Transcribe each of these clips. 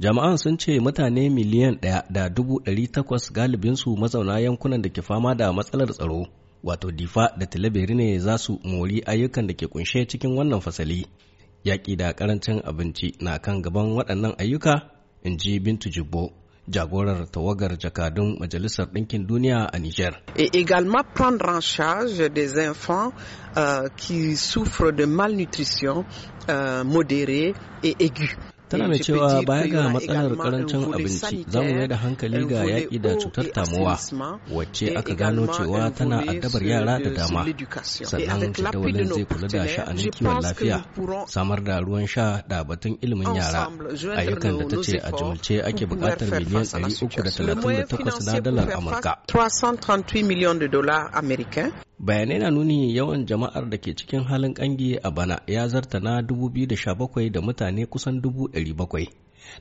jama'an sun ce mutane miliyan ɗaya da dubu ɗari takwas galibinsu mazauna yankunan da ke fama da matsalar tsaro wato difa da tilaberi ne za su mori ayyukan da ke kunshe cikin wannan fasali yaƙi da ƙarancin abinci na kan gaban waɗannan ayyuka in ji bintu jibbo jagorar tawagar jakadun Majalisar Ɗinkin Duniya a Niger. Et également prendre en charge des enfants euh, qui souffrent de malnutrition euh, modérée et aiguë. tana mai cewa baya ga matsalar karancin abinci za mu da hankali ga yaƙi da cutar tamuwa wacce aka gano cewa tana addabar yara da dama sannan jadawalin zai kula da sha'anin kiwon lafiya samar da ruwan sha da batun ilimin yara ayyukan da ta ce a jumulce ake buƙatar miliyan 338 na dalar amurka bayanai na nuni yawan jama'ar da ke cikin halin kangi a bana ya zarta na 2017 da mutane kusan 700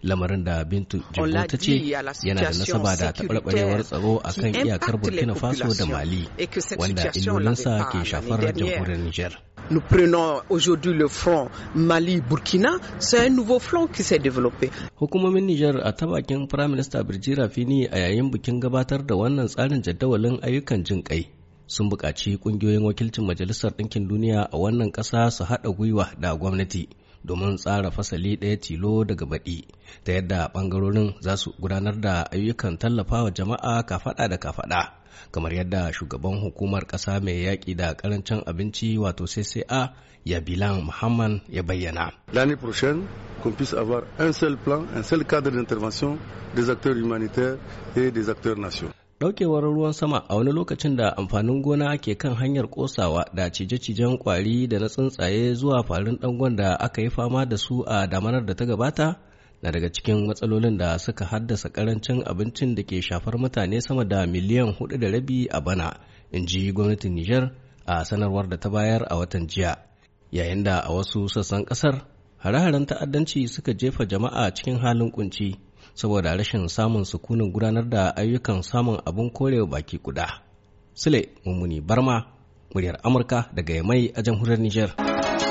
lamarin da bintu jibo ta ce yana da nasaba da taɓarɓarewar tsaro a kan iyakar burkina faso da mali wanda illolinsa ke shafar jamhuriyar niger Nous prenons aujourd'hui le front Mali-Burkina, c'est un nouveau front qui s'est développé. Hukumomin Nijar a tabakin Prime Minister birji Fini a yayin bikin gabatar da wannan tsarin jadawalin ayyukan jin kai sun buƙaci ƙungiyoyin wakilcin Majalisar Ɗinkin Duniya a wannan ƙasa su haɗa gwiwa da gwamnati domin tsara fasali ɗaya tilo daga baɗi ta yadda ɓangarorin za su gudanar da ayyukan tallafawa jama'a kafaɗa da kafaɗa kamar yadda shugaban hukumar ƙasa mai yaƙi da ƙarancin abinci wato CCA ya bilan Muhammad ya bayyana. L'année prochaine, qu'on puisse avoir un seul plan, un seul cadre d'intervention des acteurs humanitaires et des acteurs nationaux. Daukewar ruwan sama a wani lokacin da amfanin gona ke kan hanyar kosawa da cije-cijen kwari da na tsuntsaye zuwa farin dangon da aka yi fama da su a damanar da ta gabata na daga cikin matsalolin da suka haddasa karancin abincin da ke shafar mutane sama da miliyan hudu da rabi a bana in ji gwamnatin Nijar a sanarwar da ta bayar a watan jiya yayin da a wasu sassan kasar hare-haren ta'addanci suka jefa jama'a cikin halin kunci saboda rashin samun sukunin gudanar da ayyukan samun abin korewa baki guda. Sule Mummuni Barma, muryar Amurka daga Yamai a jamhuriyar Nijar.